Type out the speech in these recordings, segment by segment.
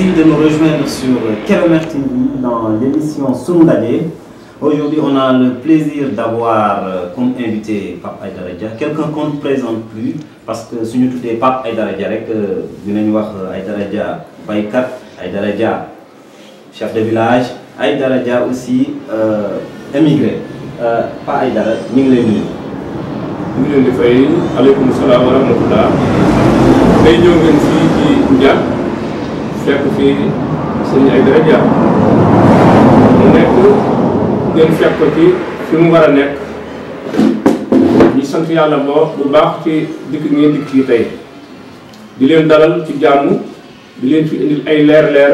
Merci de nous rejoindre sur Kevin dans l'émission Soundadé Aujourd'hui, on a le plaisir d'avoir euh, comme invité Pape Aïdara Quelqu'un qu'on ne présente plus parce que si nous pas Pape Aïdara euh, nous avons euh, Aïdara chef de village, Aïdara aussi émigré. Pas Aïdara, ay dara سن mu nek ngeen fekk ci fi mu wara nek ni sant yalla bo bu baax ci dik ngeen dik ci tay di leen dalal ci jàmm di leen fi indil ay leer leer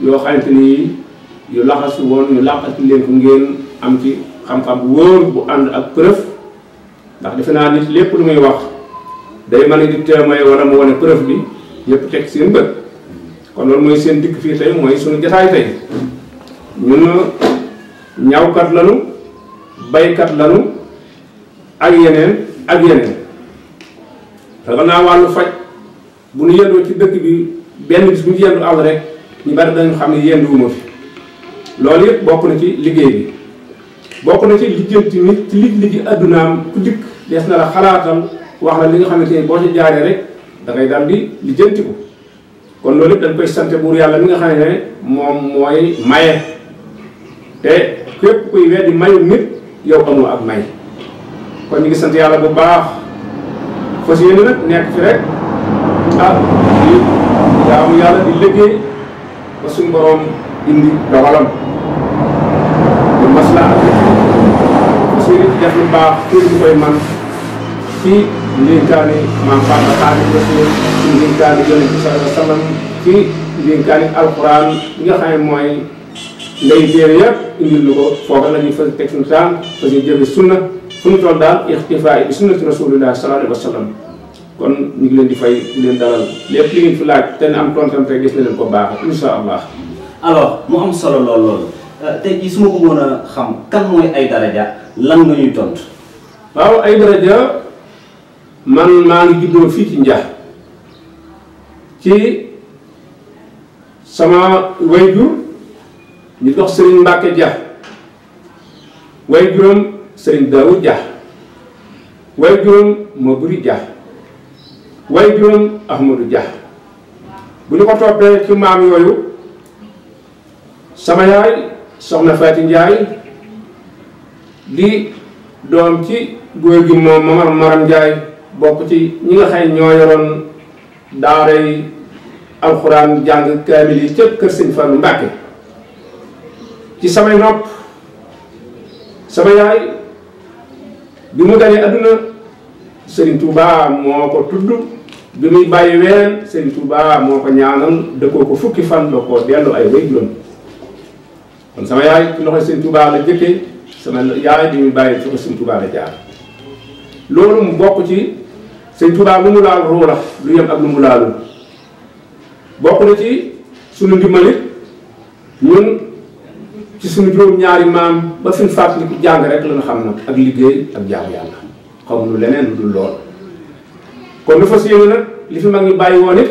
yo xamante yu laxasu won yu làqati leen ko ngeen am ci xam-xam bu woor bu and ak preuve ndax defena nit lepp lu muy wax day mën di teemay wala mo woné preuve bi yépp tek seen bët kon loolu mooy seen dikk fii tey mooy suñu jotaay tey ñun ñawkat lanu baykat lanu ak yeneen ak yeneen dafa naa wàllu faj bu nu yendoo ci dëkk bi benn bis bu ñu yendu aw rek ñu bari dañu xam ne yenduwuma fi loolu yëpp bokk na ci liggéey bi bokk na ci lijjanti nit ci lig ligi addunaam ku dikk des na la xalaatal wax la li xam xamante ni boo ci jaaree rek da ngay lijjanti ko kon loolu yëpp dañ koy sant buur yàlla mi nga xam ne moom mooy maye te képp kuy weddi mayu nit yow amoo ak may kon ñu ngi sant yàlla bu baax fas yéene nag nekk fi rek ah di jaamu yàlla di liggéey ba suñu boroom indi doxalam maslaa ak fas yéene di def lu baax kër gi koy man ci ndénkaane maam Bamba Xaadimu Rasuul ci ndénkaane Yonent bi sallallahu alayhi wa sallam ci mooy ndey téere yëpp indil lu ko foofu la ñuy fas teg suñu taan fas ñu jëfe sunna daal ixtifaa bi sunnati rasulillahi sallallahu alayhi wa sallam kon ñu ngi leen di fay di leen dalal lépp li ngeen te ne am tontam te gis na leen baax insha allah. alors mu am solo lool loolu euh, tey jii su ma bëggoon xam kan mooy ay daraja lan nga ñuy tontu. waaw ay daraja. man maa ngi juddoo fii ci njax ci sama wayjur ñu dox sëriñ Mbàkke jax wayjuram sëriñ Daawud jax wayjuram Maburi jax wayjuram Ahmadu jax bu ñu ko toppee ci maam yooyu sama yaay soxna fati Njaay di doom ci góor gi moom Mamar Maram Njaay bokk ci ñi nga xam ñoo yoroon daaray alxuraan jàng kaamil yi ca kër sëñ Fallu Mbàkke ci samay nopp sama yaay bi mu ganee adduna Sëriñ Tuubaa moo ko tudd bi muy bàyyi ween Sëriñ Tuubaa moo ko ñaanal dëkkoo ko fukki fan la ko dellu ay wéyjuloon kon sama yaay ci loxo Sëriñ Tuubaa la jëkkee sama yaay bi muy bàyyi ci ko Tuubaa la jaar loolu mu bokk ci sëñ Tuubaa lu mu laal ruu lu yem ak lu mu laalul bokk na ci suñu ndimbalit ñun ci suñu juróom-ñaari maam ba suñu fàttaliku jàng rek la ñu xam nag ak liggéey ak jaamu yàlla xamuñu leneen lu dul lool kon lu fas yéene nag li fi mag ñi bàyyi woon it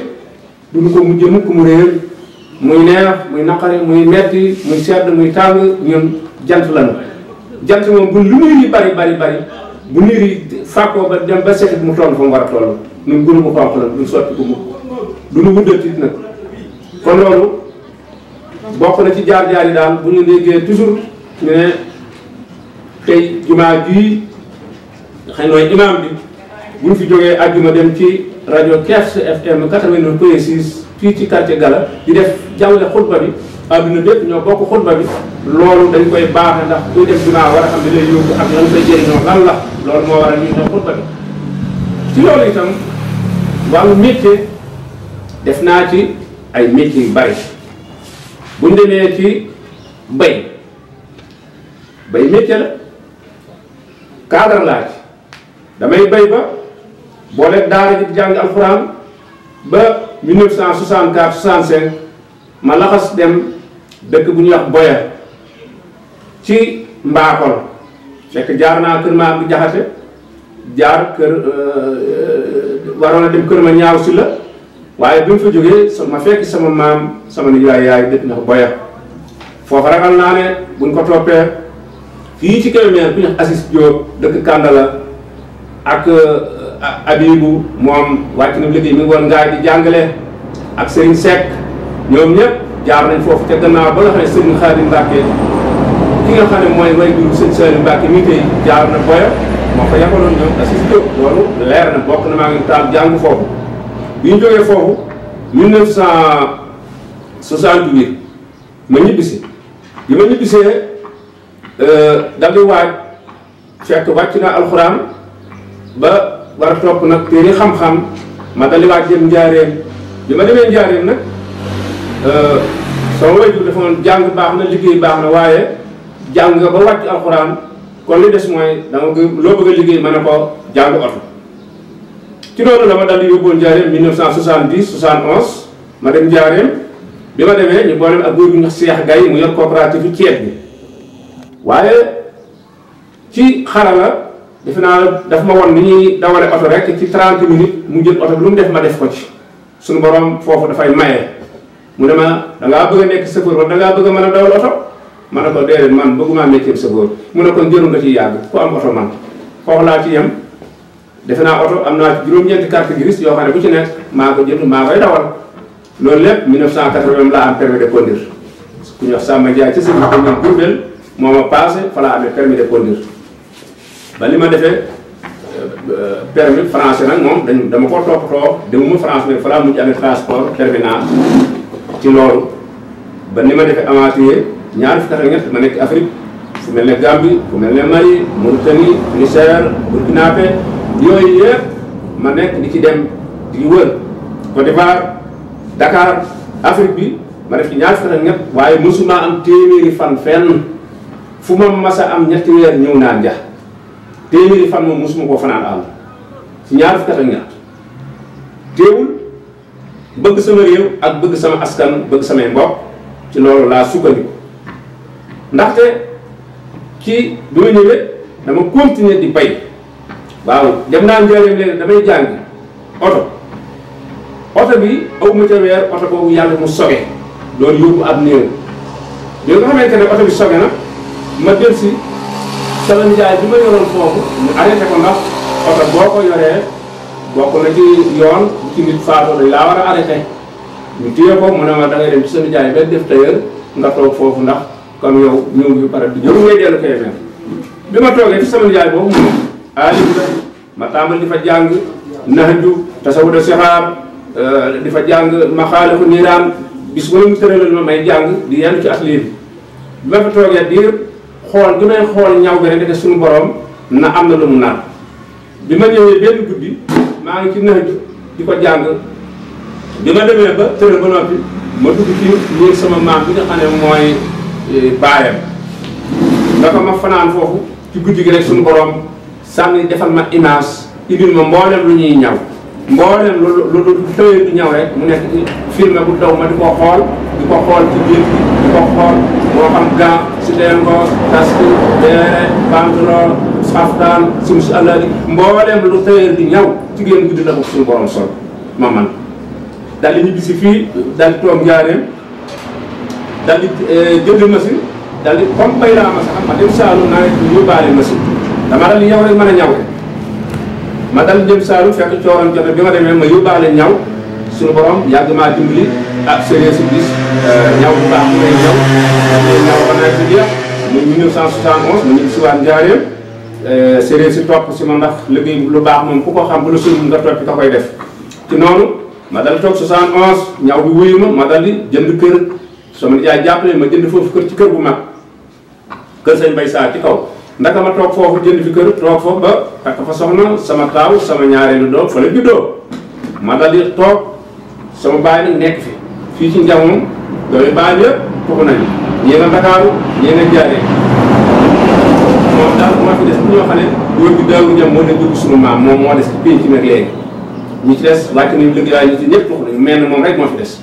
mu ko mujj mukk mu réer muy neex muy naqari muy metti muy sedd muy tàng ñun jant lañu jant moom buñ lu muy bari bari bari bu niir yi fàkkoo ba dem ba bu mu toll fa mu war a toll ñun gënu bu xonq la duñ sotti ko mu duñu wuddati nag kon loolu bokk na ci jaar-jaar yi daal bu ñu déggee toujours ñu ne tey jumaa jii xëy nooy imaam bi bu ñu fi jógee àjjuma dem ci rajo KFC FM 89.6 fii ci quartier Gala di def jàllale xutba bi adduna bépp ñoo bokk xutba bi loolu dañ koy baaxe ndax kuy def jumaa war a xam li lay yóbbu ak lan koy jëriñoo lan la loolu moo waral ñuy def xutba bi ci loolu itam wàllu métier def naa ci ay métier yu bari buñ ci bay bay métier la cadre damay bay ba boole daara ji jàng alxuraan ba 1964 65 ma laxas dem dëkk bu ñuy wax boya ci mbaakol fekk jaar naa kër ma bu jaxate jaar kër euh, waroon a dem kër ma ñaaw si la waaye bi fa jógee ma fekk sama maam sama nijaay yaay dëkk na boya foofu ragal naa ne buñ ko toppee fii ci Kébémer bu ñu Assis Diop dëkk Kandala ak euh, Abibu moom wàcc na liggéey mi ngi woon ngaay di jàngale ak Serigne Seck ñoom ñëpp jaar nañ foofu ca gannaaw ba nga xam ne sëriñ Xaadim Mbàkke ki nga xam ne mooy way jur sëriñ Saliou Mbàkke mi tey jaar na boyo moo ko yabaloon ñoom assis Diop loolu leer na bokk na maa ngi taal jàng foofu bi ñu jógee foofu 1968 ma ñibbisi bi ma ñibbisee euh, dal di waaj fekk wàcc na alxuraan ba war a topp nag téere xam-xam ma dal di njaareem bi ma demee njaareem nag sama wayjur dafa noon jàng baax na liggéey baax na waaye jàng nga ba wàcc alxuraan kon li des mooy dama bëgg loo bëgg a liggéey ma ne ko jàng oto ci loolu la ma dal di yóbboon Njaaréem 1970 71 ma dem Njaaréem bi ma demee ñu boolem ak góor gi ñu Seex Gay mu yor coopérative ceeb bi waaye ci xarala defe naa daf ma won ni ñuy dawale oto rek ci 30 minutes mu jël oto lu mu def ma def ko ci suñu borom foofu dafay maye. mu ne ma da ngaa bëgg a nekk chauffeur wala da ngaa bëgg a mën a dawal oto ma ne ko déedéet man bëgguma métier chauffeur mu ne kon jëru nga ciy yàgg ku am oto man foofu laa ci yem defe naa oto am naa juróom-ñeenti carte grise yoo xam ne bu ci nekk maa ko jënd maa koy dawal loolu lépp mu laa am permis de conduire ku ñuy wax Samba Ndiaye ci sëñ bi ñoom Diourbel moo ma passé fa laa amee permis de conduire ba li ma defee euh, permis français nag moom dañ dama ko toppatoo demuma France mais fa ci loolu ba ni ma defee aventurier ñaar fi tax ak ñett ma nekk Afrique fu mel ne Gambie fu mel ne Mali Mauritanie Niger Burkina Faso yooyu yëpp ma nekk di ci dem di wër Côte d'Ivoire Dakar Afrique bi ma def ci ñaar fi tax ak ñett waaye am téeméeri fan fenn fu ma masa am ñetti weer ñëw naa njax téeméeri fan moom mësuma koo fanaan àll ci ñaar fi tax ak ñett bëgg sama réew ak bëgg sama askan bëgg samay mbokk ci loolu laa sukkandiku ndaxte ci bi ma ñëwee dama continuer di pay waaw dem naa njëriñ léegi damay jàng oto oto bi aw ma oto boobu yàlla mu soge doon yóbbu ab néew bi nga xamante ne oto bi soge na ma del si sama njaay bi ma yoroon foofu ñu arrêté ko ndax oto boo ko yoree bokk na ci yoon ci nit faatoo dañ laa war a arrêté ñu téye ko mu ne ma da dem ci seen jaay benn def tailleur nga toog foofu ndax comme yow ñëw ñu pare du ñëw ngay ma toogee ci sama ma tàmbal di fa jàng nahju tasawuda sixaab euh, di fa jàng maxaalifu niiraam bis bu ñu tëralal ma may jàng di ci atelier ma fa toogee diir xool gi xool ñaw bi rek suñu borom na am na lu mu naan bi ma ñëwee benn guddi maa ngi ci naaj di ko jàng bi ma demee ba tëral ba noppi ma dugg ci néeg sama maam bi nga xam ne mooy eh, baayam dafa ma fanaan foofu ci guddi gi rek suñu borom sànni defal ma image indil ma mboolem lu ñuy ñaw mboolem lu lu lu tëyee di ñaw rek mu nekk film bu daw ma di ko xool di ko xool ci biir di ko xool moo xam gant si deen ko casque beere banderole xaftaan suñu si àllaali mbooleem lu tëyër di ñaw ci génn guddi la ko suñu borom sol ma man daal di fii daal di toog njaareem daal di eh, jënd machine bay laa ma sax ma dem Saalum naa yóbbaale machine dama daal di ñaw rek mën a ñaw ma dal jëm Saalum fekk cooram jote bi ma demee ma yóbbaale ñaw suñu borom yàgg maa dimbali ak séeréer su gis eh, ñaw bu baax mu lay ñaw ñaw ba nawet bi jeex muy 1971 mu ñibbi si waat séeréer si topp si ma ndax liggéey lu baax moom ku ko xam bu la suñu nga topp ka koy def ci noonu ma dal toog 71 ñaw bi wuyu ma ma dal di jënd kër sama nijaay jàppale ma jënd foofu kër ci kër bu mag kër sañ bay saa ci kaw ndaka ma toog foofu jënd fi kër toog foofu ba takk fa soxna sama taaw sama ñaareelu doom fa la juddoo ma dal di toog sama baay nag nekk fi fii ci njaw moom doomi baay yëpp foofu nañu ñii Ndakaaru ñii nga dafa fi des bu ñoo xam ne góor gi daawu ñam moo ne dugg suñu maam moom moo des ci pénc mi ak léegi ñi ci des wàcc nañu lëg yaay ñi ci ñëpp wax nañu mel na rek moo fi des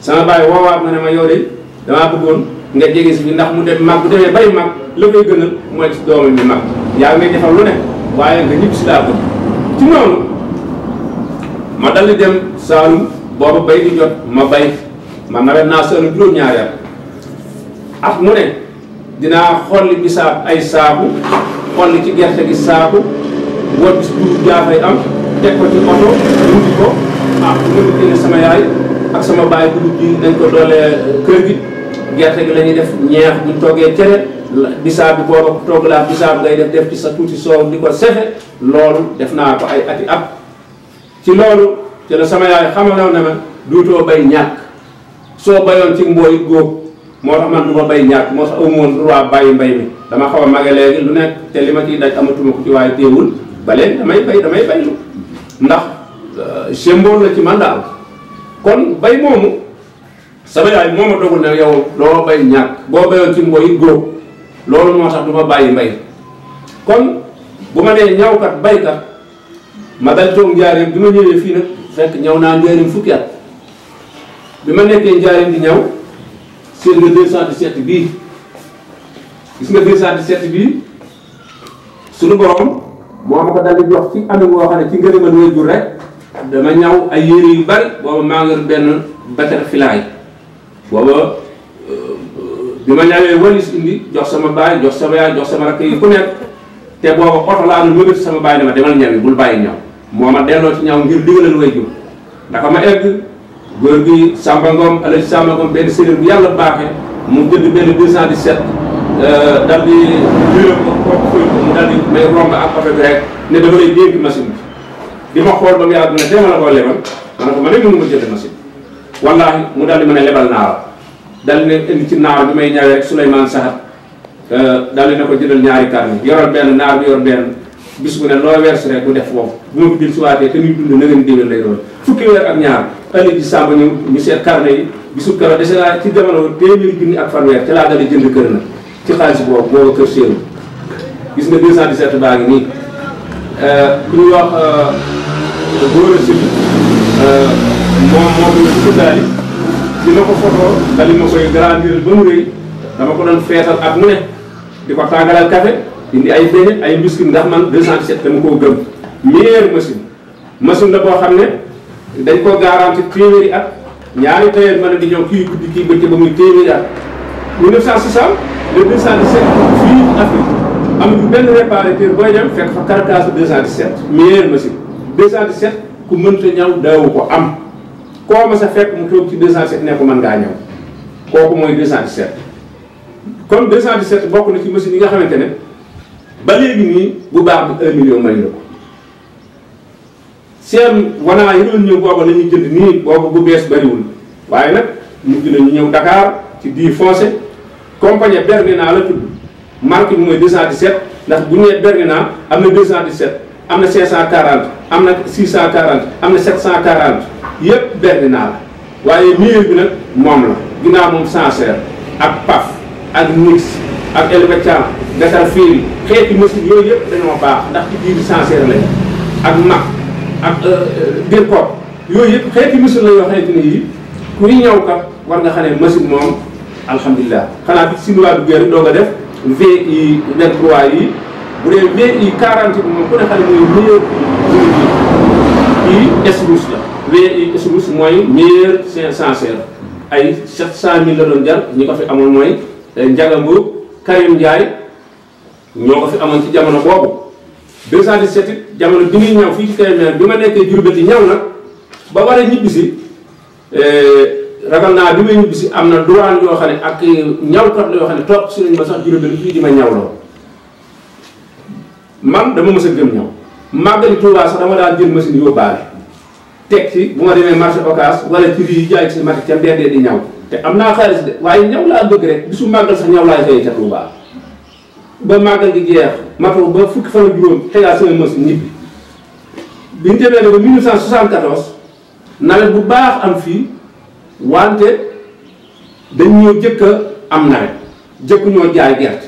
sama bàyyi woowaat ma ne ma yow de damaa bëggoon nga jege si fi ndax mu dem mag bu demee bay mag la koy gënal mooy ci doomam mi mag yaa ngay defal lu ne waaye nga ñibbi si laa bëgg ci noonu ma dal di dem saalum booba bay di jot ma bay ma nawet naa sëlu juróom ñaari at mu ne dinaa xolli bisaab ay saaku xolli ci gerte gi saabu wot duub jaafay am teg ko ci ko ah bu sama yaay dañ ko euh, kër gi gerte gi la def ñeex bu ñu toggee cere bisaab bi booba togg laa bisaab ngay def def ci sa tuuti soow di ko sefe loolu def naa ko ay ati at ci loolu ci la sama yaay xamaloon ne ma duutoo bay ñàkk soo bayoon ci mbooy góob moo tax man du ma bay ñàkk moo tax amu woon droit bàyyi mbay mi dama xaw a mage léegi lu nekk te li ma kii daj amatuma ko ci waaye teewul ba léegi damay bay damay baylu ndax euh, symbole la ci man daal kon bay moomu sama yaay moo ma dogul ne yow loo bay ñàkk boo bayoon ci mboy góob loolu moo tax du ma bàyyi mbay kon bu ma nee ñawkat bayka ma dal toog njaareem bi ma ñëwee fii nag fekk ñaw naa njaareem fukki at bi ma nekkee njaareem di ñaw c'est le 217 bi gis nga 217 bi suñu borom moo ko dal di jox ci anam woo xam ne ci ngërëmal wéjur rek dama ñaw ay yére yu bari booba maa ngi benn batter filaay booba bi ma ñawee walis indi jox sama baay jox sama yaay jox sama rakk yi ku nekk te booba oto laa nu mëbët sama baay dama demal ñawi bul bàyyi ñaw moo ma delloo ci ñaw ngir digalal wéjur dafa ma egg góor gi Samba Ngom El Hadj Samba benn séeréer bu yàlla baaxee mu jënd benn 217 euh, dal di jëloon ko kooku fëy ko mu dal di may romb ak oto bi rek ne dama lay dénk machine bi di ma xool ba mu yàgg ne dama la ko lebal ma ne ko ma ne mënu ma jënd machine bi wallaahi mu daal di mën a lebal naar dal di ne indi ci naar bi may ñawee Souleymane Sahat euh, daal di ne ko jëndal ñaari carnet yoral benn naar bi yor bis bu ne loo weesu rek bu def foofu bu mu fi jël suwaatee te muy dund na ngeen déwén lay doon fukki weer ak ñaar année bi sàmba ñu ñu seet carnet yi bisu keroog dese naa ci jamono téeméeri junni ak fanweer ci laa dalee jënd kër na ci xaalis boobu booba kër séeru gis nga 217 baa ngi nii ku euh, ñu wax góor a sëbi moom moo ko sukk daali ma ko photo dali koy grandir ba mu rëy dama ko doon feetal ak mu ne di ko tàngalal café indi ay beignet ay biscuit ndax man 217 dama koo gëm meilleure machine machine la boo xam ne dañ koo garanti téeméeri at ñaari tayal mën a di ñëw kii guddi kii bëccëg ba muy téeméeri at 1960 le 217 fii Afrique am benn réparateur booy dem fekk fa carcasse 217 meilleure machine 217 ku mënta ñaw daawu ko am koo ma sa fekk mu toog ci 217 ne ko mën ngaa ñëw kooku mooy 217 kon 217 bokk na ci machine yi nga xamante ne ba léegi nii bu baax bi un million may na ko seen wanaa yi doon ñëw booba la ñuy jënd nii boobu bu bees bariwul waaye nag mujj na ñëw Dakar ci di foncé compagnie Bernina la tudd marque bi mooy 217 ndax bu ñu nee Bernina am na 217 am na 540 am na 640 am na 740 yëpp Bernina la waaye meilleur bi nag moom la ginnaaw moom Sancerre ak Paf ak Nix ak del beccam gasal fiiri xeeti mësul yooyu yëpp dañoo baax ndax ci biir sincère lay ak mag ak euh, euh, biir ko yoy yëpp xéti musul la yo xéti ne ku kuy ñaw kat war nga xalé musul mom moom alhamdulillah bi ci sinuwaa du guer do nga def VI 23 yi bu dee VI 40 bi moom ku ne xam ne mooy meilleur yi esrus la VI esrus moy meilleur sincère ay 700000 la doon jar ñi ko fi amul moy euh, njagambuub Karim Ndiaye ñoo ko fi amoon ci jamono boobu 217 it jamono bi muy bi ma nekkee Jurbel yi ñëw nag ba war a ñibbisi eh, ragal naa bi may ñibbisi am na duraan yoo xam ne ak ñawkat la yoo xam ne topp si nañ ma sax Jurbel fii di ma ñawloo man dama mës a gëm ñaw màggali Tuubaa sax dama daan jël machine yóbbaale teg ci bu ma demee marché occas wala ci rii yi jaay ci marché ca mbedd di ñaw te am naa xaalis de waaye ñaw laa bëgg rek su màggal sax ñaw laay xëyee ca Touba ba màggal gi jeex ma toog ba fukki fan ak juróom xëyaat sama machine ñibbi bi ñu demee ba 1974 nawet bu baax am fii wante dañ ñoo jëkk a am nawet jëkk ñoo jaay gerte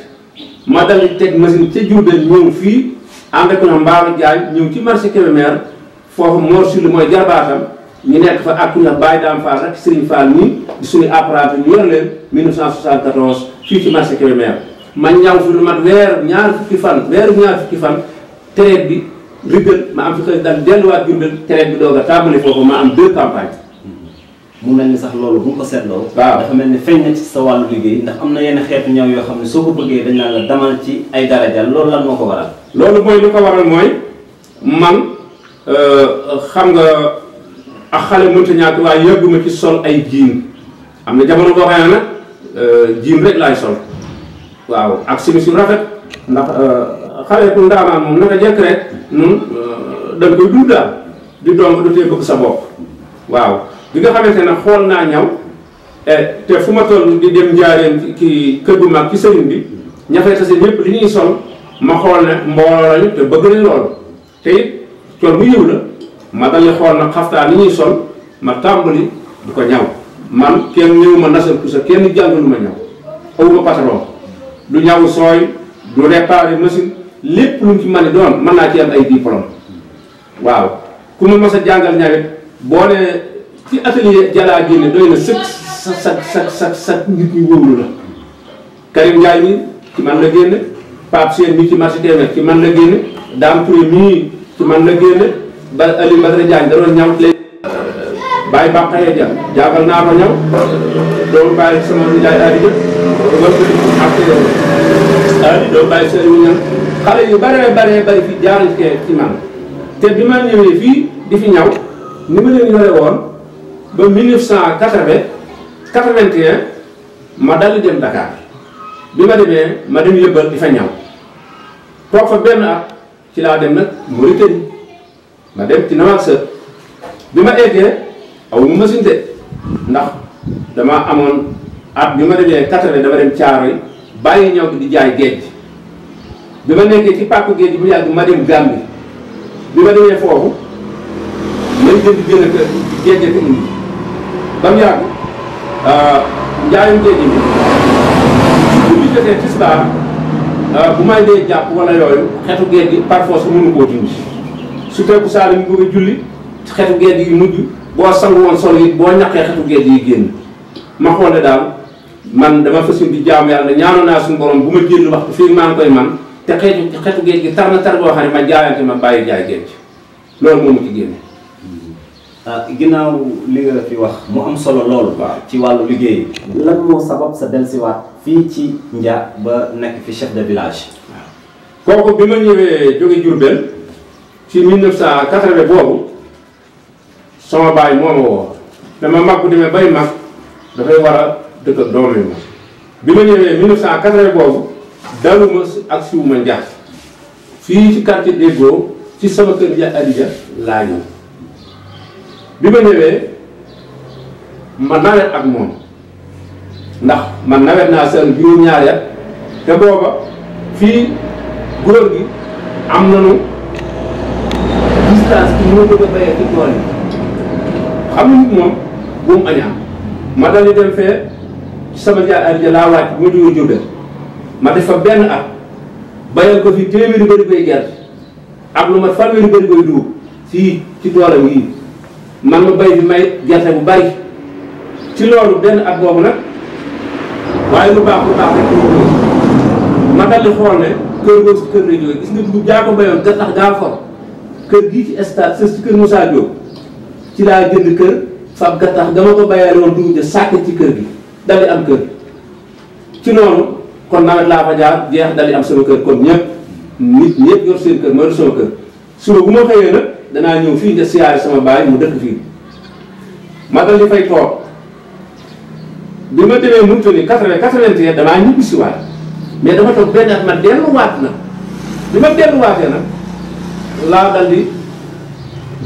ma dal teg machine ca Diourbel ñëw fii ànd ak na mbaaru jaay ñëw ci marché Kébémer foofu Mor Syll mooy jarbaatam ñu nekk fa ak ku ñuy wax Baye Dame Fall ak nii di suñu appareil ñu yor leen 1974 fii ci marché Kébémer ma ñaw fi lu mat weer ñaar fukki fan weer ñaar fukki fan traite bi riggal ma am fi xëy dal delluwaat Jurbel traite bi doog a foofu ma am deux campagnes. Mm-hmm. mu mel ni sax loolu bu ñu ko seetloo. waaw dafa mel ni feeñ na ci sa wàllu liggéey ndax am na yenn xeetu ñaw yoo xam ne soo ko bëggee dañ naan la demal ci ay darajal loolu ko waral. Euh, xam nga ak xale mënta ñàkk waaye yëgguma ci sol ay jiin am na jamono boo xam ne nag euh, jiin rek laay sol waaw ak simis yu rafet ndax euh, xale ku ndaamaan moom naka jekk rek nun hmm, dañ koy dund daal di dong du tee bëgg sa bopp waaw bi nga xamante ne xool naa ñaw eh, te fu ma toll di dem njaareen ki kër bu mag ci sëriñ bi ñafee tase ñëpp li ñuy sol ma xool ne mbooloo lañu te bëgg nañ loolu te it col mu yiw la ma dal di xool nag xaftaan ni ñuy sol ma tàmbali du ko ñaw man kenn ñëw ma nasal pusa kenn jàngalu ma ñaw awuma patron du ñaw sooy du réparé machine lépp lu ci mën a doon mën naa ci am ay diplôme waaw ku mu mas jàngal ñawit boo ne ci atelier jalaa génne doy na sëg sa sa sa sa sa nit ñu wóolu la Karim Ndiaye mi ci man la génne Pape Sène mi ci marché téeméer ci man la génne Dame Touré mii ci man la génne ba Aliou Badara Diagne da ñaw léegi. bàyyi ba xëy ja naa ma ñaw doomu bàyyi sama nijaay Ali jëf dugal ko ak yu bare bare bari fi jaar ci bi ma ñëwee fii di fi ñaw ni ma leen yore woon ba 1980 81 ma dal dem Dakar bi ma demee ma dem yëbbal di fa ñaw toog fa benn at ci laa dem nag Mauritanie ma dem ci Namak Sër bi ma eggee aw ma machine de ndax dama amoon at bi ma demee Katare dama dem caaro yi bàyyi ñëw bi di jaay géej bi ma nekkee ci pàkku géej bu yàgg ma dem Gambie bi ma demee foofu lañ jënd jënd kër géej ak indi ba mu yàgg ah, njaayum géej bi bu ñu jotee tisbaar Euh, bu may dee jàpp wala yooyu xetu geer gi par force mënu koo dindi su fekku saa mu bëgg a julli xetu geer gi mujj boo sangu woon sol yi boo ñaqee xetu geer yi génn ma xool ne daal man dama fasin di jaamu yàlla ñaanoon naa suñu borom bu ma génn waxtu fii maa koy man te xeetu xetu géej gi tar na tar boo xam ne ma jaayante ma bàyyi jaay géej loolu moo ma ci génne Ah, ginnaaw li nga fi wax mu am solo lool ci wàllu liggéey lan moo sabab sa delsiwaat fi ci nja ba nekk fi chef de village ah. kooku bi ma ñëwee jurbel ci 1980 boobu sama baay moo ma woo dama mag bu demee bay mag da war a dëkk ak doom yi ma bi ma ñëwee 1980 boobu daluma ak siwuma njax fii ci quartier déggoo ci sama kër ja adija laa ñëw bi ma ñëwee ma nawet ak moom ndax man nawet naa seen juróom ñaar at te booba fii góor gi am nañu distance bi moo bëgg a béyee ci tool yi xam nga moom buum añaam ma dal di dem fee sama jaar ar ja laa wàcc bu ma jógee Jurbel ma def fa benn at bayal ko fi téeméeri bëri koy gerte ak lu ma fanweeri bëri koy dugub fii ci toolam yii man ma bay bi may gerte bu bari ci loolu benn at boobu nag waaye lu baax lu baax rek ma dal ne kër googu gis nga bu ko bayoon ga tax kër gii ci stade sës ci kër Moussa Diop ci laa jënd kër fab gattax dama ko bayaale woon dugub sàkk ci kër gi dali am kër ci noonu kon nawet laa fa jaar jeex dali am sama kër kon ñëpp nit ñëpp yor seen kër mooy sama kër suba bu ma xëyee nag danaa ñëw fii nga siyaare sama baay mu dëkk fii ma dal di fay toog bi ma demee mënta ni quatre-vingt vingt damaa ñibbi si waat mais dama toog benn at ma delluwaat na bi ma delluwaatee nag laa dal di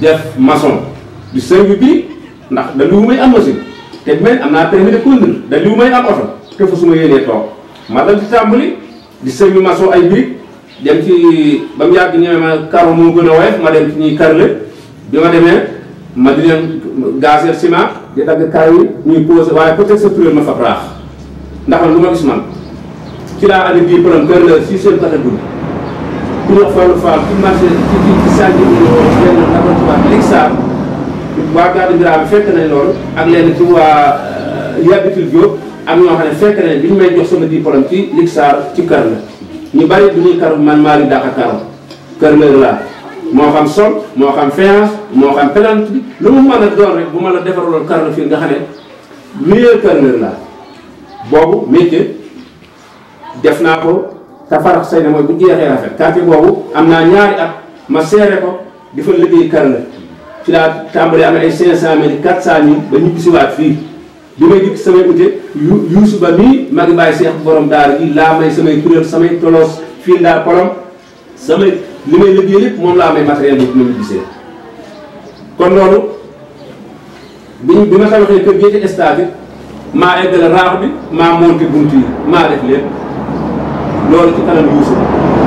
def maçon di service bi ndax da lu may am machine te may am naa permis de conduire da may am oto te su ma yéenee toog ma dal di tàmbali di service maçon ay birig dem ci bam yag yàgg ma karo moo gëna a ma dem ci ñuy karle bi ma ma di len gazer ciment di dag kay ñi ñuy waye peut être ce turel ma fa raax ndax lu ma gis man ci la ali bi problème kër la ci seen kata guddi ku ñuy xool faal ci marché ci ci ci sànni bi ñu ci appartement lig sa waa garde bi dara fekk nañ lool ak len ci wa euh, yabitul jóob am ñoo xam fekk nañ bi ñu may jox sama problème ci lig sa ci kër la ñu bari du ñuy karo man maa ngi dàq a karo kër lër laa moo xam sol moo xam faïence moo xam pelante lu mu mën a doon rek bu ma la defaraloon karo fii nga xam ne meilleur kër lër naa ko te farax bu jeexee rafet boobu am naa ñaari ma seere ko di fa liggéey kër la ci laa tàmbali am ay cinq cent mille quatre cent mille ba ñu gisiwaat fii li may dikk samay ute yu yuusu ba mii maa ngi bàyyi seex borom daara gi laa may samay kuréel samay tolos fii ndaa kolom samay li may liggéey yëpp moom laa may matériel bi ñu gisee kon loolu bi bi ma tabaxee kër bi maa eggale raax bi maa monté bunt def lépp loolu ci kanam yuusu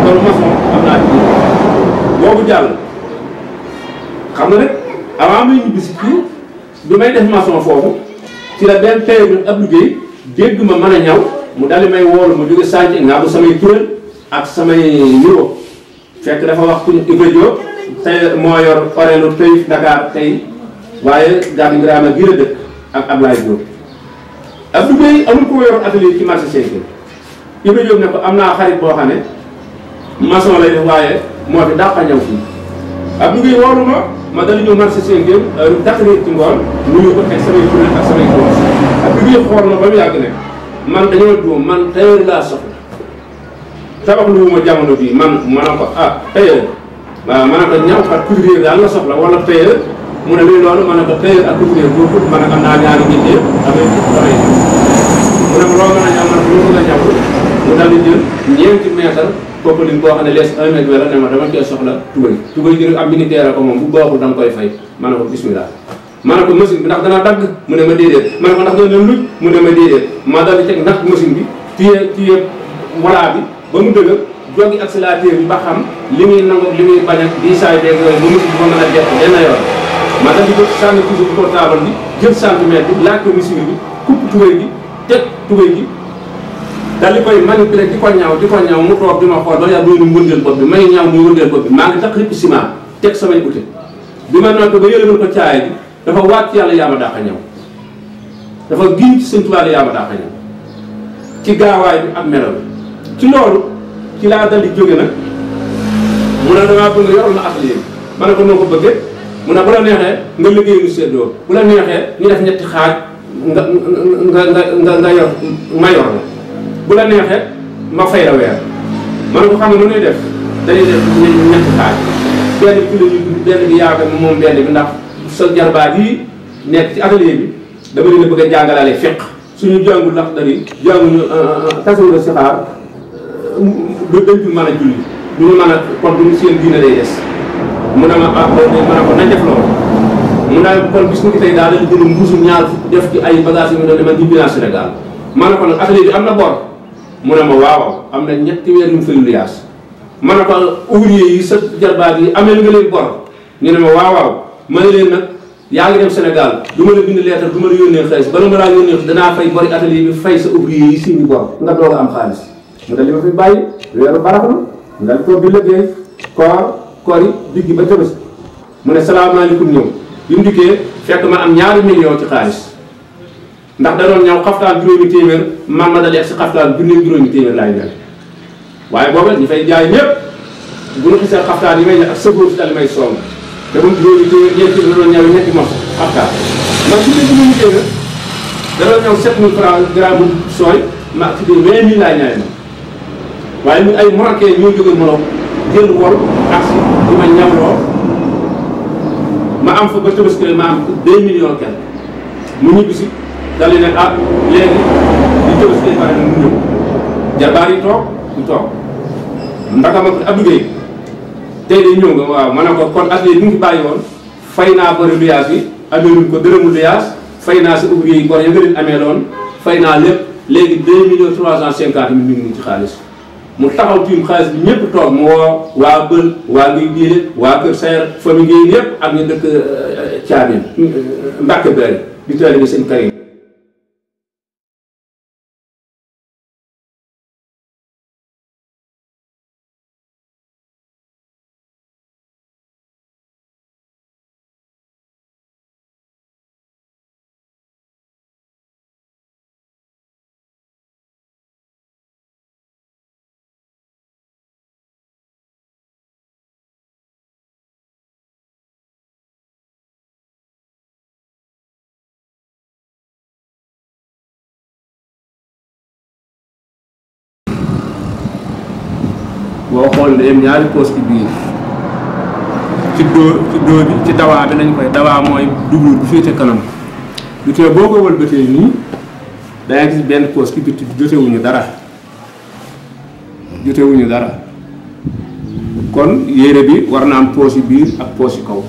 kon maçon am naa ci boobu jàll xam nga rek avant muy ñibbi si fii bi may def maçon foofu ci la benn tey ñun ab liggéey dégg ma mën a ñaw mu daldi may woolu ma jóge sànc ngaa bu samay kuréel ak samay niveau fekk dafa wax ku ñu Ibra Diop moo yor oreelu tey Dakar tey waaye Dame Ibrahima gii la dëkk ak Ablaye Diop ab liggéey amul ku yor atelier ci marché Sèye Ibra ne ko am naa xarit boo xam ne maçon lay waaye moo fi dàqa ñaw fii ah bu ngi woonu ma ma ñu ñëw marché seen ngeen lu tàqalee ci ngoon nuyu ko ak samay kuréel ak samay coos ak bi ngi xool ma ba mu yàgg ne man dañoo duum man tailleur laa soxla tabax lu ma jamono bii man man ne ko ah tailleur waaw ma ne ko ñawkat couturier daal nga soxla wala tailleur mu ne lii loolu ma ne ko tailleur ak couturier boobu ma ne am naa ñaari nit yëpp damay damay mu ne ko romb nañ am na lu mu la jàpp mu daal di jël ñeenti meetar popeline boo xam ne lees un mètre wala ne ma dama cee soxla tubay tubay gi am militaire ko moom bu baaxul dama koy fay ma ne ko bismillah ma ne ko machine bi ndax dana dagg mu ne ma déedéet ma ne ko ndax dana luj mu ne ma déedéet ma daal di teg ndax machine bi tiye tiye walaa bi ba mu dëgër jogi accélérateur bi ba xam li muy te tubéy gi dal di koy manipuler di ko ñaaw di ko ñaaw mu toog di ma xool ba yàlla muy wëndeel bopp bi may ñaaw muy wëndeel bopp bi maa ngi taq ripp ciment teg samay ute bi ma naan ko ba yële ko caaya bi dafa waat ci yàlla yaa ma daax a dafa giñ ci sëñ tubaale yaa ma daax ci gaawaay bi ak melaw ci loolu ci laa dal di jóge nag mu ne damaa bëgg yoroon na atelier bi ma ne ko noo ko bëggee mu ne bu la neexee nga liggéey ñu seddoo bu la neexee ñu def ñetti xaaj nga nga nga nga yor ma yor la bu la neexee ma fay la weer ma ne ko xam nga nu ñuy def dañuy def ñetti xaaj benn bi la ñu benn bi yaa ko moom benn bi ndax sa jarbaat yi nekk ci atelier bi dama leen bëgg a jàngalale fiq suñu jàngul ndax dañuy jànguñu tasawur a sixaar du dëjul mën a julli duñu mën a kon duñu seen diine day des mu ne ma ah loolu mën a ko nañ def loolu naa ko kon gis nga tey daal dañu jënd mbuusu ñaar def ay bagages yu ñu doon di Sénégal ma ne ko nag atelier bi am na bor mu ne ma waaw am na ñetti weer yu mu fay luyaas ma ne ko ouvrier yi sa jarbaat yi amee nga leen bor ñu ne ma waaw ma ne leen nag yaa ngi dem Sénégal du ma la bind leetar du ma la yónnee xaalis bala ma laa yónnee danaa fay bori atelier bi fay nga am xaalis mu ne li ma fi bàyyi weeru baraxlu nga toog bi liggéey koor koor yi digg ba tëbës mu ne salaamaaleykum ñëw yu mu dikkee fekk ma am ñaari million ci xaalis ndax da doon ñaw xaftaan juróomi téeméer man ma daleeg si xaftaan junni juróomi téeméer laay ñëw waaye booba ñu fay jaay ñëpp bu ñu xisee xaftaan yi may ñëw ak sëgóor si dali may song te moom juróomi téeméer ñeenti ñaw ñetti mos xaftaan gramme sooy ma ak si biir vingt mille laay ñaay moom waaye ñun ay Marocains ñoo jóge Maroc jël wol ak si di ma ñawloo ma am fa ba tabaski ma am deux millions kenn mu ñibbi si dal di ne ah léegi di tabaski pare mu ñëw jarbaar yi toog ñu toog ndaka ma Abdou Gueye tey de ñëw nga waaw ma ne ko kon at bi mu fi bàyyi woon fay naa bari luyaas yi ameeluñ ko dërëmu luyaas fay naa si ouvrier yi bor ya nga amee loon fay naa lépp léegi deux millions trois cent cinquante mille ñu ngi ci xaalis mu taxaw tiim xaalis bi ñëpp toog mu woo waa Bël waa Nguy Biire waa Kër Sayar famille Guèye yëpp ak ñu dëkk euh, Thiamène Mbacke Bari di taalibe bi seen Karim boo xool day am ñaari poos ci biir ci dóor ci dóor bi ci dawaa bi nañ koy dawaa mooy doublure bu féete kanam du boo ko wëlbatee nii danga gis benn poos ci bitti jotewuñu dara jotewuñu dara kon yére bi war naa am poos yi biir ak poos yi kaw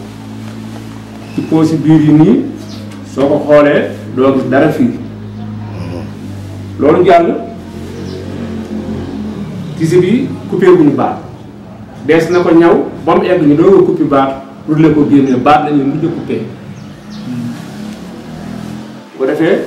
ci poos yi biir yi nii soo ko xoolee doo gis dara fii loolu jàll tisi bi coupé wuñu baat dees na ko ñaw ba mu egg ñu doog a coupé baat rulle ko génne baat lañu mujj coupé bu ko defee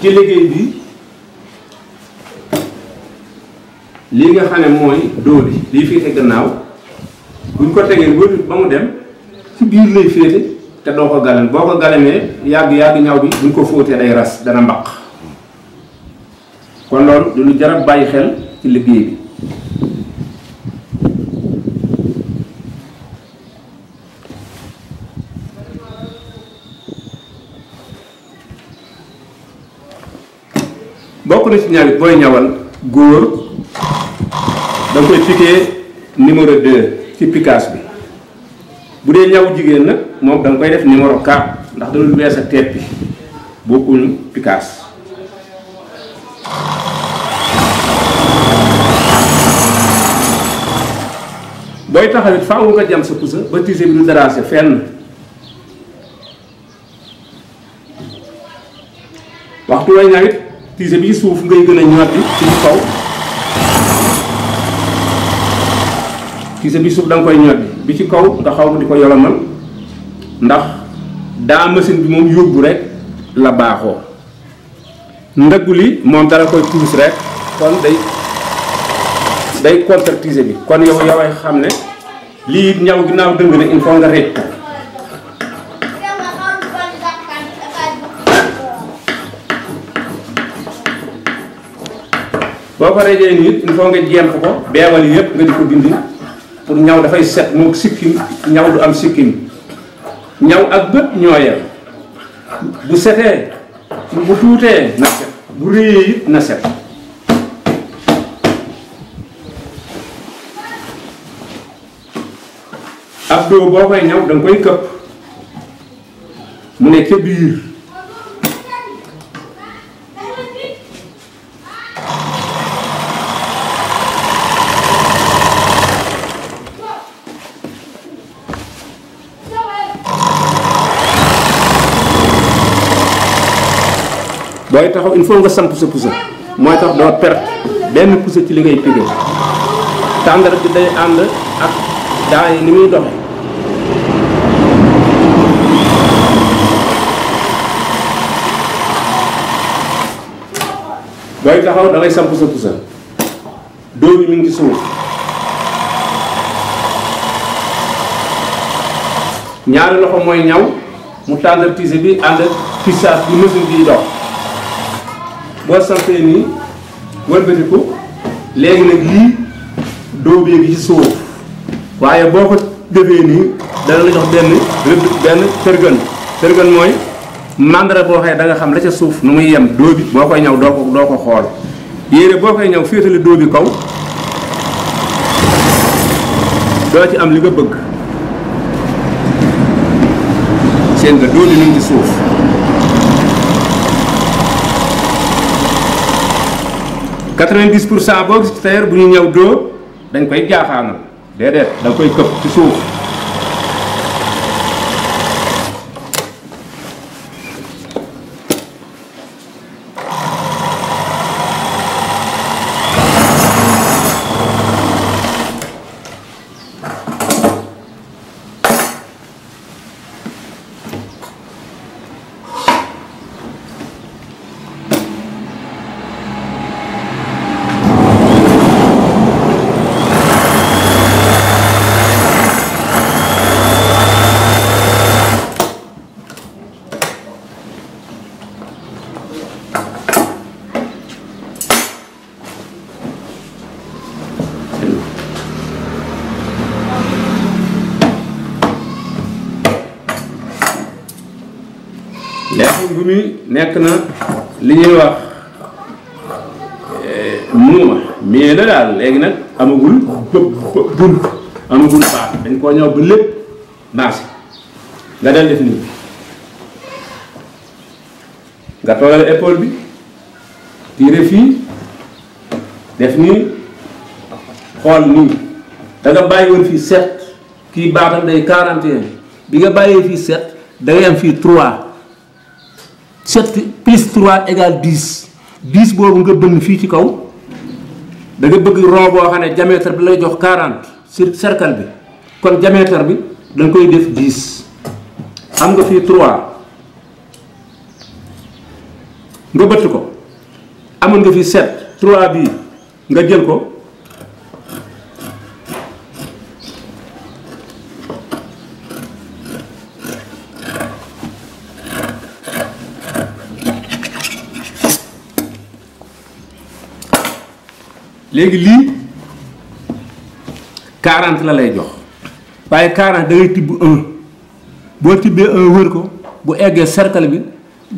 ci liggéey bi li nga xam ne mooy dóor bi lii féete gannaaw buñ ko tegee ba mu dem ci biir lay féete te doo ko galen boo ko galenee yàgg yàgg ñaw bi buñ ko fóotee day ras dana mbaq kon loolu du jarab bàyyi xel ci liggéey bi bokk na ci ñaawit booy ñawal góor da koy piqué numéro 2 ci piquage bi bu ñaw jigen nak mom dang koy def numéro 4 ndax dana lu wees ak teet bi bokkuñu picaas boy taxawit fa wu nga jam sa pousse ba tisé bi du dérangé fenn waxtu way ñawit tisé bi suuf ngay gëna a ñor ci kaw ci sa bi suuf da koy ñoddi bi ci kaw nga xaw ma di ko yolomal ndax daa machine bi moom yóbbu rek la baaxoo ndëggu li moom dara koy puus rek kon day day contrepuisé bi kon yow yoway xam ne lii ñaw ginnaaw dëng na il faut nga rëcc boo ko rëjee nit il nga jéem ko beebal yëpp nga di ko dindi pour ñaw dafay set moom sikkim ñaw du am sikkim ñaw ak bët ñoo yem bu setee bu tuutee na set bu réyee it na set ab doo boo koy ñaw da nga koy këpp mu ne biir taxaw il faut nga samp sa pousse moy tax do perte ben pousse ci li ngay pigé tàndar bi day and ak daay ni muy doxé doy taxaw da ngay samp sa pousse do mi ngi ci suuf ñaari loxo moy ñaw mu tàndar tise bi and ak tissage bi mesure bi dox boo sampee nii wëlbatiku léegi nag lii dóob yi ngi ci suuf waaye boo ko defee nii dana la jox benn rëdd benn tërgën tërgën mooy mandara boo xëyee da xam la ca suuf nu muy yem dóobi boo koy ñëw doo ko doo ko xool yére boo koy ñëw féetale dóobi kaw doo ci am li nga bëgg seen nga dóobi nu ngi ci suuf 90 pour cent boo gis tailleur bu ñu ñëw dóor dañ koy jaaxaanal déedéet da koy këpp ci suuf bul amagul baax dañ ko ñëw ba lépp naasi nga dal def nii nga tolal épaule bi tiré fii def nii xool nii da nga bàyyi woon fii sept kii baatam day 41 bi nga bàyyee fii sept da ngay am fii 3 7 plus 3 égale 10 10 boobu nga bënn fii ci kaw da nga bëgg rond boo xam ne diamètre bi lay jox 40 sur cercle bi kon diamètre bi da koy def diis am nga fii 3 nga bëtt ko amoon nga fi 7 3 bii nga jël ko léegi lii 40 la lay jox waaye 40 da ngay tibb 1 boo tibbee 1 wër ko bu eggee cercle bi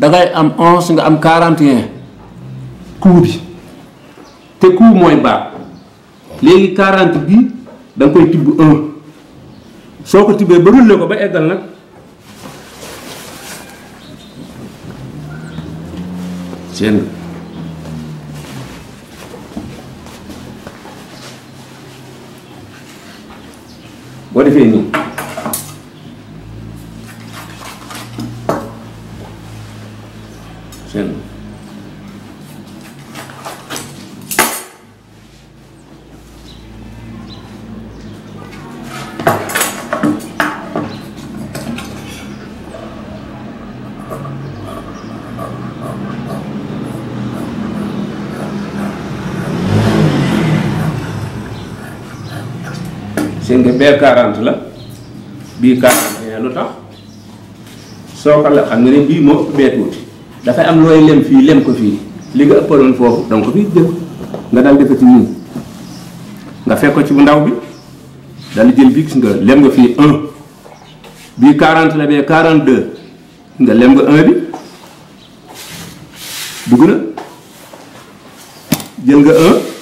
dangay am 11 nga am 41 coup bi te coup mooy baat léegi 40 bi da koy tibb 1 soo ko tibbee ba rulle ko ba eggal nag What if he knew? bee 40 la bii 41 lu tax soo ko la xam nga ne bii moo ëpp bee tuuti dafay am looy lem fii lem ko fii li nga ëppaloon foofu donc ko fii jël nga dal defati nii nga fekk ko ci bu ndaw bi dal jël bi gis nga lem nga fii 1 bii 40 la bee 42 nga lem nga 1 bi dugg na jël nga 1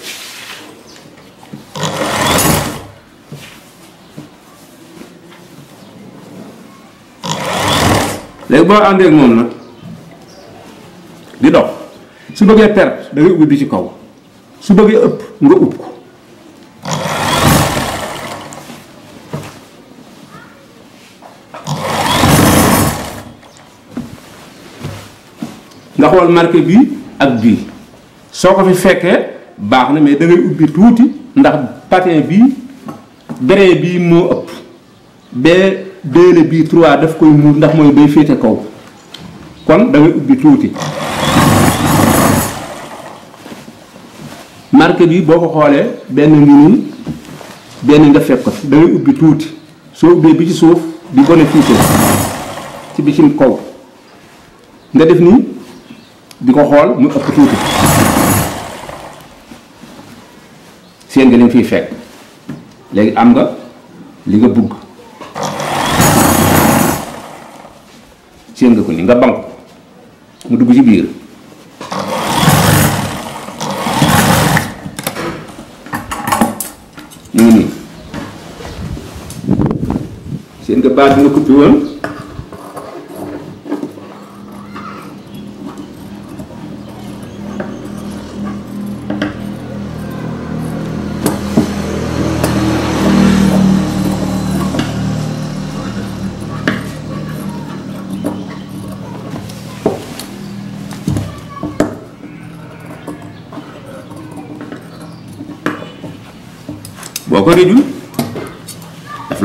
léegi boo àndee moom nag di dox su bëggee perte da ubbi bi ci kaw su bëggee ëpp nga upp ko nga xool bii ak bii soo ko fi fekkee baax na mais da ubbi tuuti ndax patin bii béré bii moo ëpp bee deux la bii trois daf koy muur ndax mooy bay féete kaw kon da ubbi tuuti marque bi boo ko xoolee benn ngi nii benn nga fekk ko ubbi tuuti soo ubbee bi ci suuf di bénéficié ci bi ci bisim kow nga def nii bi ko xool mu ëpp tuuti seen nga leen fiy fekk léegi am nga li nga bugg séen nga ko nga bank mu dugg ci biir mu ngi nii séen nga baat nga kuppi woon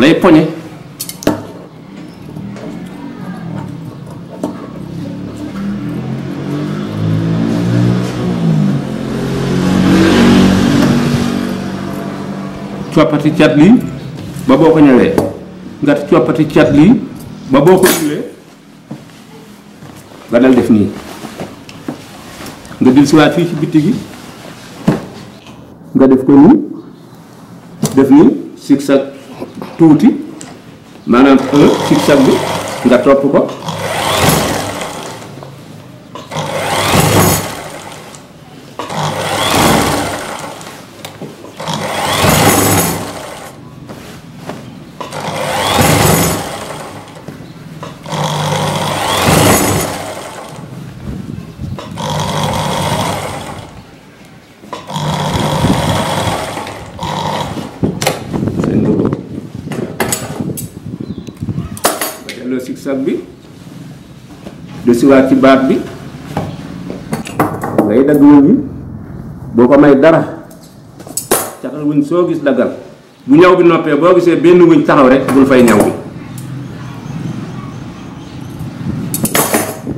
lay poñe coppati cat lii ba boo ko ñëwee nga coppati cat lii ba boko ko ñëwee nga dal def ni nga dil siwaat fii ci bitti gi tuuti maanaam 1 ci sag bi nga topp ko sag bi de siwaat ci baat bi ngay dagg wëñ wi boo ko may dara caxal apa soo gis daggal bu ñaw bi noppee boo gisee benn taxaw rek fay ñaw bi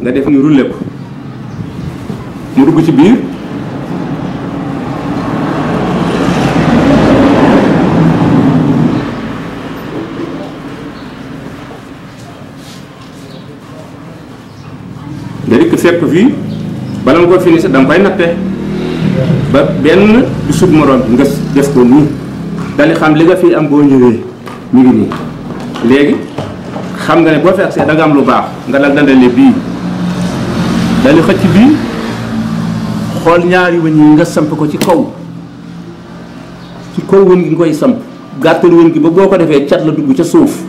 nga def ni rulle ko mu dugg ci biir sepp fii bala nga ko fini sa danga koy natte ba benn du sut morom bi nga def ko nii dali xam li nga fi am boo ñëwee mu ngi nii léegi xam nga ne boo fi agsee da nga am lu baax nga dal dandale bii dali xëcc bii xool ñaari wëñ yi nga samp ko ci kaw ci kaw wën gi nga koy samp gàttal wën gi ba boo ko defee cat la dugg ca suuf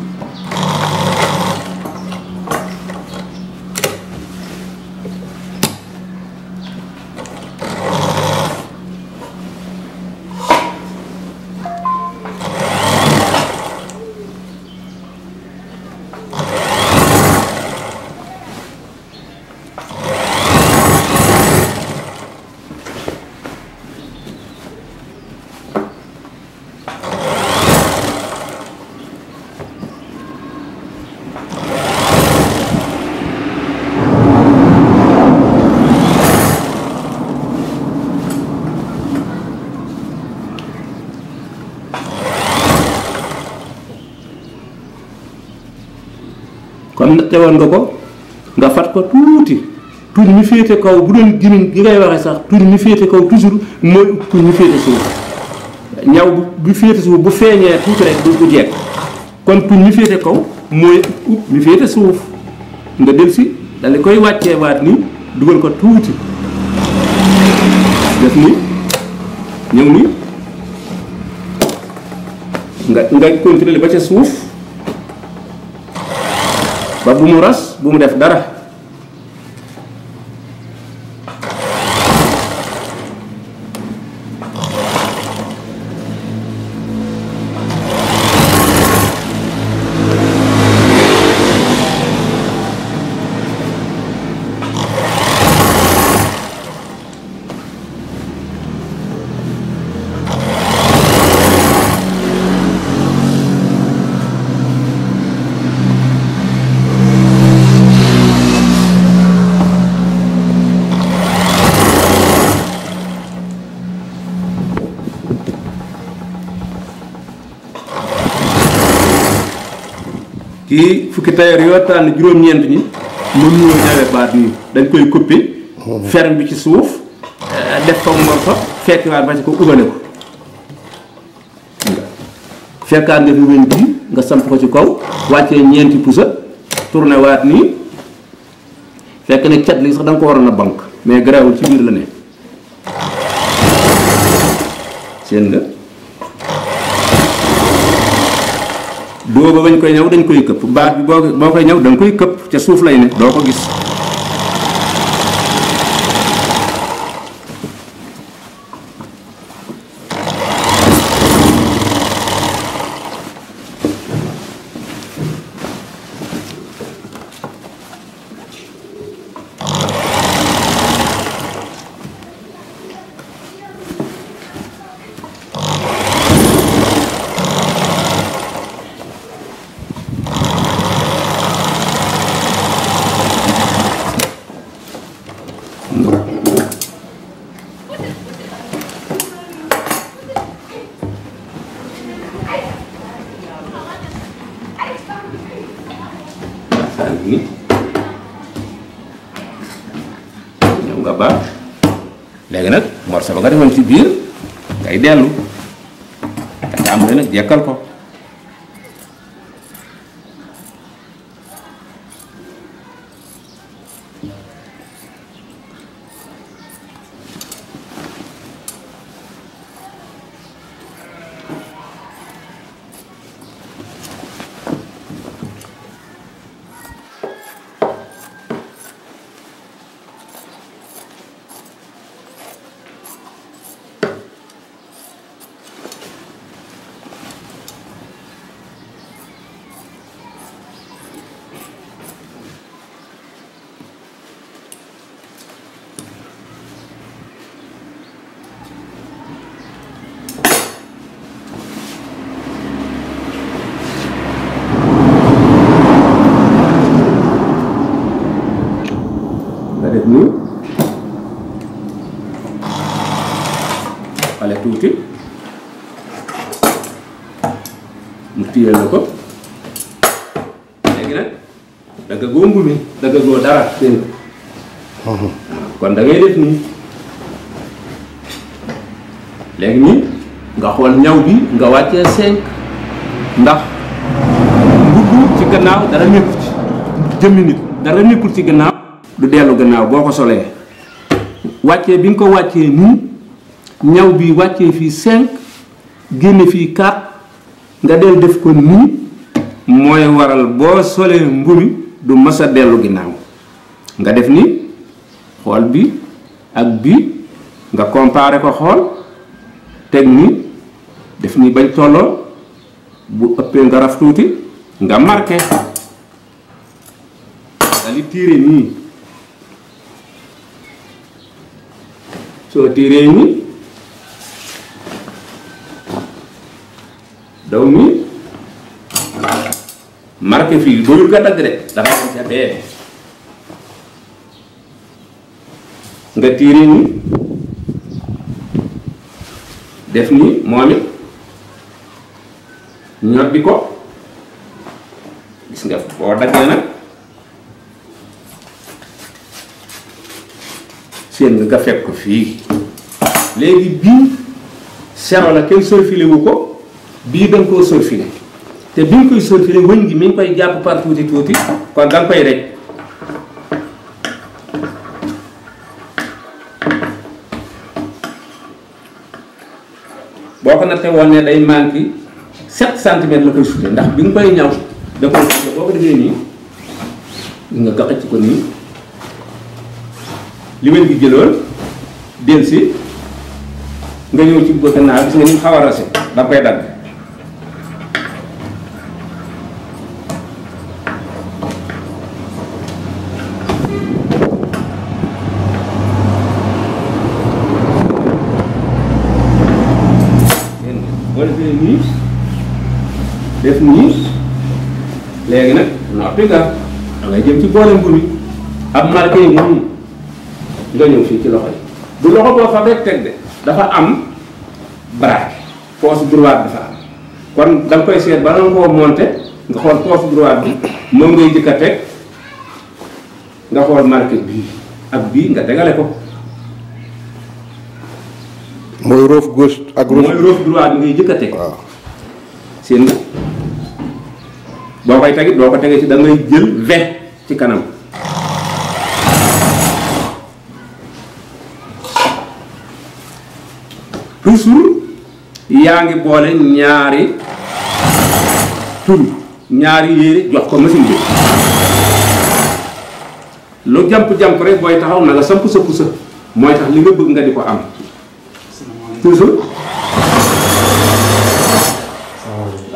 teewoon nga ko nga fat ko tuuti tuñ ñu féete kaw bu doon gimiñ gi ngay waxee sax tuñ ñu féete kaw toujours mooy ëpp tuñ ñu féete suuf ñaw bi féete suuf bu feeñee tuuti rek du du jekk kon tuñ ñu féete kaw mooy ëpp ñu féete suuf nga del si dal koy wàccee waat ni dugal ko tuuti def ni ñëw ni nga nga continuer ba ca suuf ba bu mu ras bu mu def dara fukki tailleur yoo tànn juróom-ñeent ñi mën ñoo ñawe baat ni dañ koy coupé ferme bi ci suuf def ko ngor fa fekk waat ba ci ko ubale ko fekkaat nga fi wéñ bi nga samp ko ci kaw wàccee ñeenti pusa waat ni fekk ne li sax ko bank mais ci bir la nga booba bañ koy ñëw dañu koy këpp baat bi boo boo koy ñëw da koy këpp ca suuf lay ne doo ko gis diwee na ko léegi nag dagga ngumi dagga dara dégg mhm. waaw kon da def nii léegi nii nga xool ñaw bi nga wàccee cinq ndax mbubb ci gannaaw dara nekkul ci jëmmi nit dara nekkul ci gannaaw du dellu gannaaw boo ko solee wàccee bi nga ko wàccee nii ñaw bi wàccee fii cinq génne fii quatre nga del def ko nii mooy waral boo solee mburu du mës a dellu ginnaaw nga def ni xool bi ak bi nga comparé ko xool teg ni def ni bañ tolloo bu ëppee nga raf tuuti nga marqué dali tiire nii soo tiiree nii donc marqué fii doyul nga dagg de dafay am ca bee nga tiiri ni def ni moom it ñor bi ko gis nga boo daggee nag seen nga nga fekk ko fii léegi bii sero la kenn sërfile wu ko bii da nga koo solfile te bi nga koy solfile wëñ gi mi ngi koy jàpp par tuuti tuuti kon da koy rek boo ko nattee woon ne day manqué 7 centimètres la koy sute ndax bi nga koy ñaw da koy sute boo ko nga gaxaj ci ko nii li wér gi jëloon dellusi nga ñëw ci bëgg naa gis nga ni mu xaw a rase da koy dagg def nii léegi nag noppi nga da jëm ci boole mburu yi ab marqué yi nii nga ñëw fii ci loxo yi bu loxo boo fa rek teg de dafa am braque poche droite dafa am kon da nga koy seet bala nga koo monter nga xool poche droite bi moom ngay jëkk a teg nga xool marqué bii ak bii nga tegale ko. mooy roof gauche ak roof. mooy roof droite ngay jëkk teg. waaw seen. boo koy tegit boo ko tegee ci da ngay jël vingt ci kanam toujours yaa ngi boole ñaari tur ñaari yére jox ko machine bi lu jamp-jamp rek booy taxaw na nga samp sa mooy tax li nga bëgg nga di ko am toujours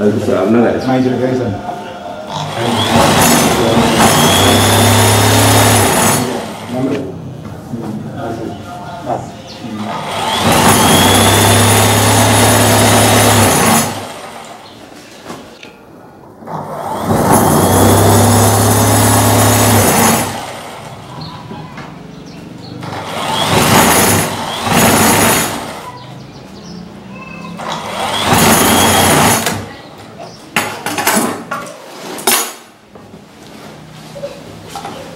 aleykum salaam na nga def Número 何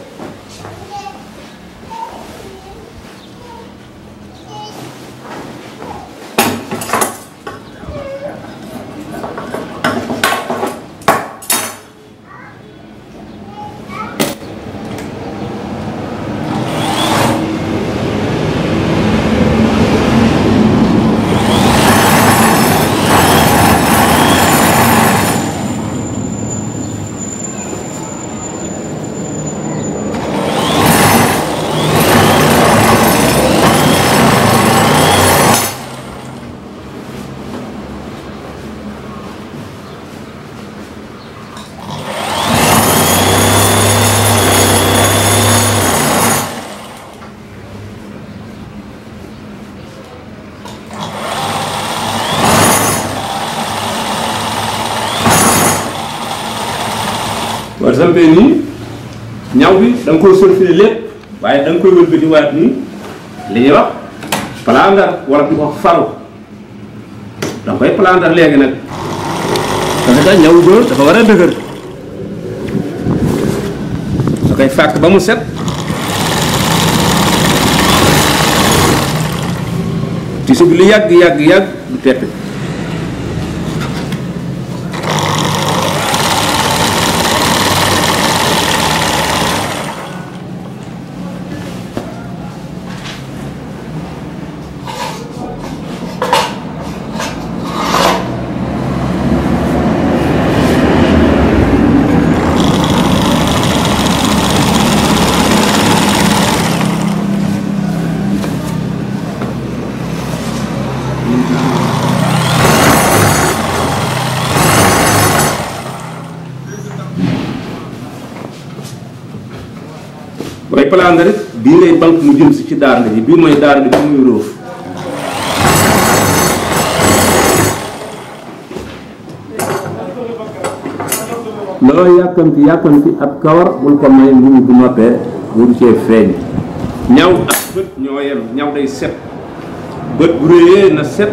wëlbatee nii ñaw bi da nga koy solfile lépp waaye da nga koy wëlbati waat nii li ñuy wax plandar wala di wax faru da nga koy plandar léegi nag parce que ñaw góor dafa war a dëgër da koy fàkk ba mu set tisub lu yàgg yàgg yàgg du tekk palaanda rek bii ngay banque mu jëm si ci daara ji bii mooy daara ji bi muy róof loo yàkkamti yàkkamti ak kawar bul ko may mbuñu bu noppee wuru cee feeñ ñaw ak bët ñoo yem ñaw day set bët bu réyee na set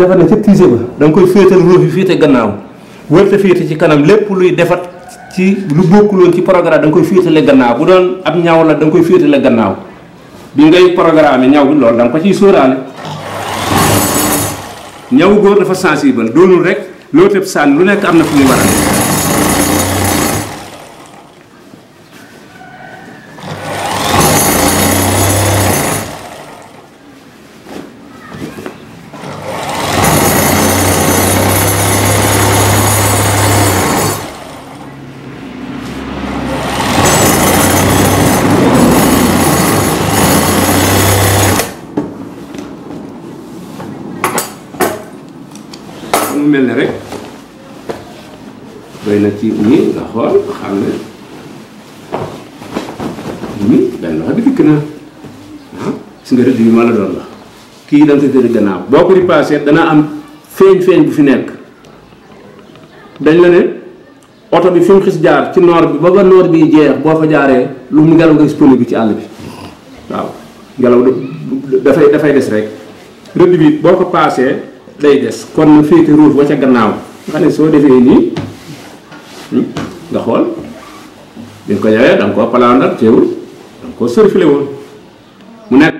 dafa na ca tiise ba da koy féetal ruux yi fiite gannaaw wërta féete ci kanam lépp luy defar ci lu bokkuloon ci programme da nga koy féetale gannaaw bu doon ab ñaw la danga nga koy féetale gannaaw bi ngay programme ñaw bi loolu da nga ko ciy sóoraale ñaw góor dafa sensible doonul rek loo tëb sànni lu nekk am na fu muy waral na ci nga xam ne nii benn loxo bi dikk na ah nga rëdd yi ma la doon wax kii da nga tëdd gannaaw boo ko ripaasee danaa am feeñ feeñ bu fi nekk dañ la ne oto bi fi xis jaar ci noor bi ba ba noor bi jeex boo fa jaaree lu mu ngelaw nga exposé bi ci àll bi waaw ngelaw dafay dafay des rek rëdd bi boo ko paasee day des kon na féete rouge wa ca gannaaw nga xam ne soo defee nii Hmm? nga xool nga ko ñëwee da nga koo palaandal teewul da koo sërfile woon mu